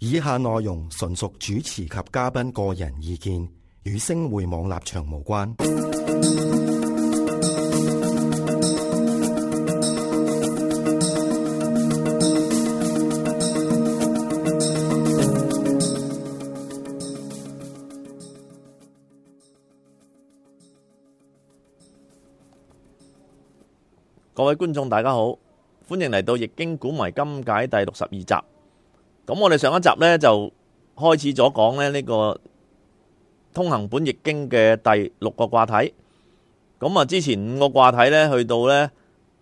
以下內容純屬主持及嘉賓個人意見，與星匯網立場無關。各位觀眾，大家好，歡迎嚟到《易經古謎今解》第六十二集。咁我哋上一集呢，就開始咗講呢個通行本易經嘅第六個卦體，咁啊之前五個卦體呢，去到呢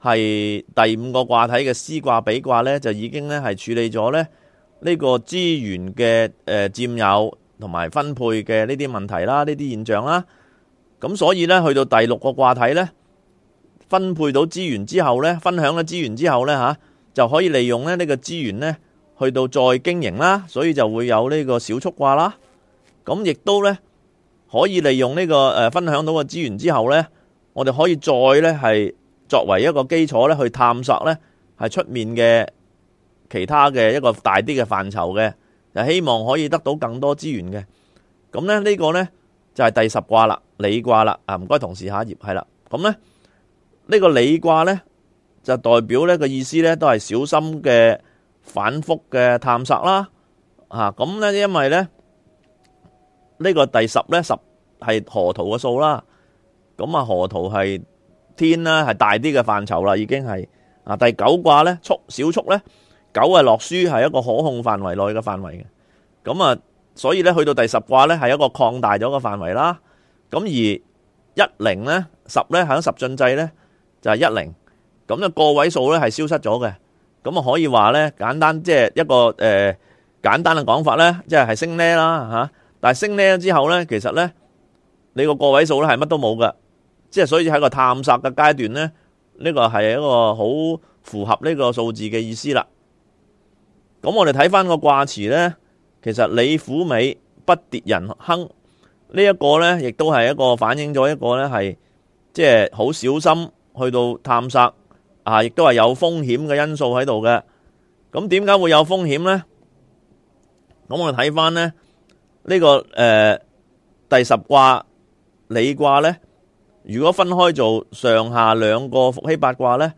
係第五個卦體嘅師卦比卦呢，就已經呢係處理咗呢呢個資源嘅誒佔有同埋分配嘅呢啲問題啦，呢啲現象啦，咁所以呢，去到第六個卦體呢，分配到資源之後呢，分享咗資源之後呢，吓、啊、就可以利用呢個資源呢。去到再經營啦，所以就會有呢個小畜卦啦。咁亦都呢，可以利用呢個分享到嘅資源之後呢，我哋可以再呢係作為一個基礎呢去探索呢係出面嘅其他嘅一個大啲嘅範疇嘅，就希望可以得到更多資源嘅。咁呢，呢、呢個呢就係、是、第十卦啦，履卦啦。啊，唔該，同事一下一頁係啦。咁呢，呢、呢個履卦呢，就代表呢個意思呢，都係小心嘅。反覆嘅探索啦，啊咁咧，因為咧呢個第十咧十係河圖嘅數啦，咁啊河圖係天啦，係大啲嘅範疇啦，已經係啊第九卦咧速小畜咧九係洛書係一個可控範圍內嘅範圍嘅，咁啊所以咧去到第十卦咧係一個擴大咗嘅範圍啦，咁而一零咧十咧喺十進制咧就係一零，咁啊個位數咧係消失咗嘅。咁啊可以話呢，簡單即係一個誒、呃、簡單嘅講法呢，即係係升呢啦吓，但係升呢之後呢，其實呢，你個個位數呢係乜都冇㗎。即係所以喺個探索嘅階段呢，呢、這個係一個好符合呢個數字嘅意思啦。咁我哋睇翻個卦辭呢，其實履虎尾不跌人亨呢一個呢，亦都係一個反映咗一個呢，係即係好小心去到探索。啊，亦都係有風險嘅因素喺度嘅。咁點解會有風險咧？咁我睇翻咧呢個誒第十卦履卦咧，如果分開做上下兩個伏羲八卦咧，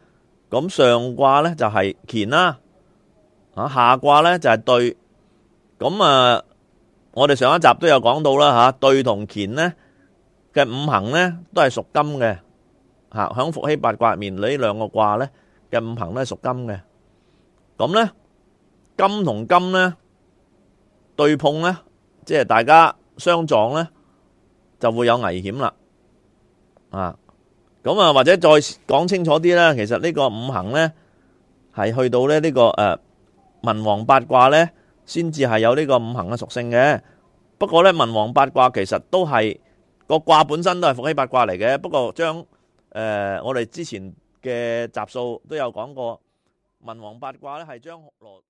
咁上卦咧就係乾啦，啊下卦咧就係兌。咁啊，我哋上一集都有講到啦吓，兌同乾咧嘅五行咧都係屬金嘅。吓，喺伏羲八卦入面呢兩個卦咧嘅五行呢係屬金嘅，咁咧金同金咧對碰咧，即係大家相撞咧就會有危險啦。啊，咁啊或者再講清楚啲啦，其實呢個五行咧係去到咧，這、呢個誒、呃、文王八卦咧，先至係有呢個五行嘅屬性嘅。不過咧文王八卦其實都係、這個卦本身都係伏羲八卦嚟嘅，不過將。誒、呃，我哋之前嘅集數都有講過，文王八卦咧，係將羅。